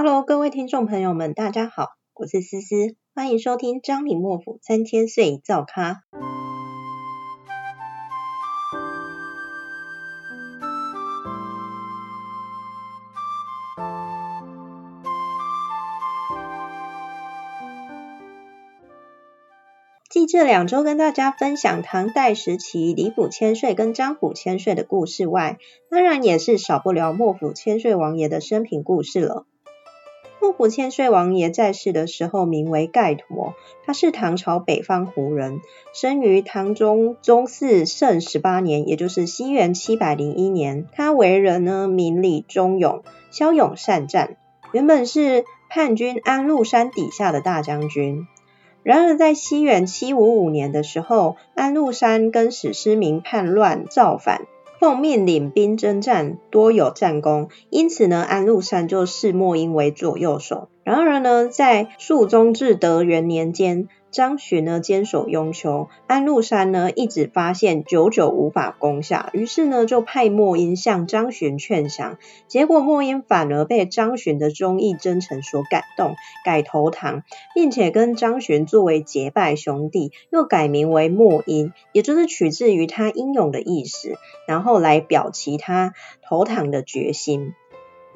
Hello，各位聽眾朋友們，大家好，我是絲絲，歡迎收聽張李莫府三千歲造咖。繼這兩周跟大家分享唐代時期李府千歲跟張府千歲的故事外，當然也是少不了莫府千歲王爺的生平故事了。莫府千歲王爺在世的時候名為蓋陀，他是唐朝北方胡人，生於唐中宗嗣聖十八年，也就是西元七百零一年。他為人呢明理忠勇，驍勇善戰，原本是叛軍安祿山底下的大將軍。然而在西元七五五年的時候，安祿山跟史思明叛亂造反。奉命領兵征戰，多有戰功，因此呢，安祿山就視莫英為左右手。然而呢，在肅宗至德元年間，張巡呢堅守雍丘，安祿山呢一直發現久久無法攻下，於是呢就派莫英向張巡勸降，結果莫英反而被張巡的忠義真誠所感動，改投唐，並且跟張巡作為結拜兄弟，又改名為莫英，也就是取自於他英勇的意思，然後來表其他投唐的決心。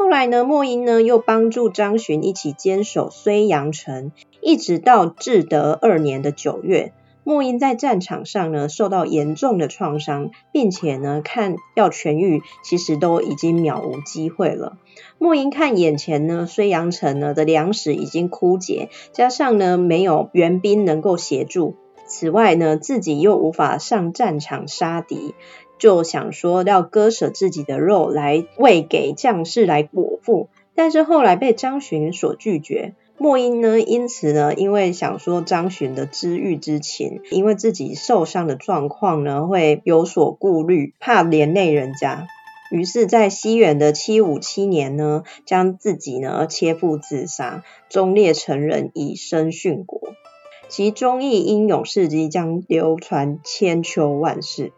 後來呢，莫英呢又幫助張巡一起堅守睢陽城，一直到至德二年的九月。莫英在戰場上呢受到嚴重的創傷，並且呢看要痊愈，其實都已經渺無機會了。莫英看眼前呢睢陽城呢的糧食已經枯竭，加上呢沒有援兵能夠協助。此外呢，自己又無法上戰場殺敵，就想說要割捨自己的肉來餵給將士來果腹，但是後來被張巡所拒絕。莫英呢，因此呢，因為想說張巡的知遇之情，因為自己受傷的狀況呢，會有所顧慮，怕連累人家，於是，在西元的七五七年呢，將自己呢切腹自殺，忠烈成人以生，以身殉國。其忠義英勇事蹟將流傳千秋萬世。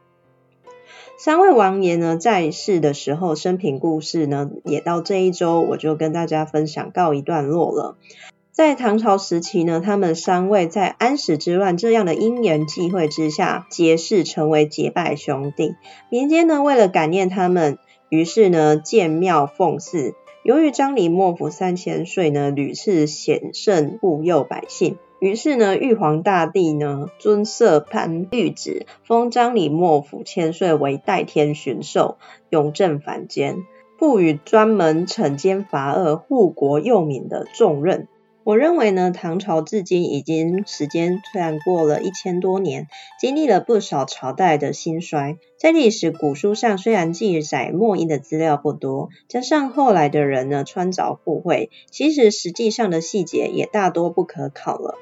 三位王爺呢，在世的時候生平故事呢，也到這一周我就跟大家分享告一段落了。在唐朝時期呢，他們三位在安史之亂這樣的因緣際會之下結誓成為結拜兄弟。民間呢，為了感念他們，於是呢建廟奉祀。由於張李莫府三千歲呢，屢次顯聖護佑百姓。於是呢，玉皇大帝呢尊設潘御旨，封張李莫府千歲為代天巡狩，永鎮凡間，賦予專門懲奸罰惡、護國佑民的重任。我認為呢，唐朝至今已經時間雖然過了一千多年，經歷了不少朝代的興衰，在歷史古書上雖然記載莫英的資料不多，加上後來的人呢穿鑿附會，其實實際上的細節也大多不可考了。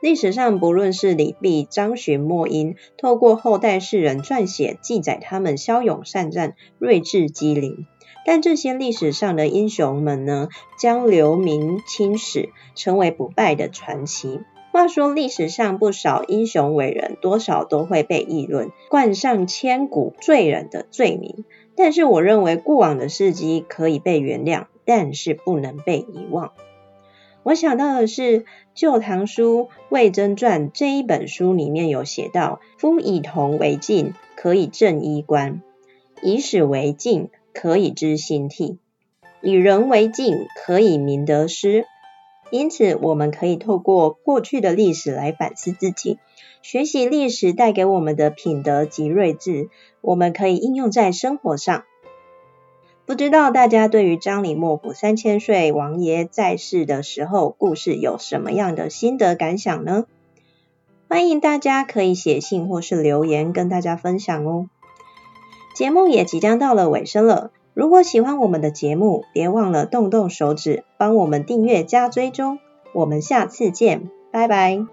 歷史上不論是李泌、張巡、莫英，透過後代世人撰寫記載，他們驍勇善戰、睿智機靈。但這些歷史上的英雄們呢，將留名青史，成為不敗的傳奇。話說歷史上不少英雄偉人，多少都會被議論，冠上千古罪人的罪名。但是我認為過往的事跡可以被原諒，但是不能被遺忘。我想到的是《舊唐書·魏徵傳》這一本書裡面有寫到：“夫以銅為鏡，可以正衣冠；以史為鏡，可以知興替；以人為鏡，可以明得失。”因此，我們可以透過過去的歷史來反思自己，學習歷史帶給我們的品德及睿智，我們可以應用在生活上。不知道大家對於張李莫府三千歲王爺在世的時候故事有什麼樣的心得感想呢？歡迎大家可以寫信或是留言跟大家分享哦。節目也即將到了尾聲了，如果喜歡我們的節目，別忘了動動手指幫我們訂閱加追蹤。我們下次見，拜拜。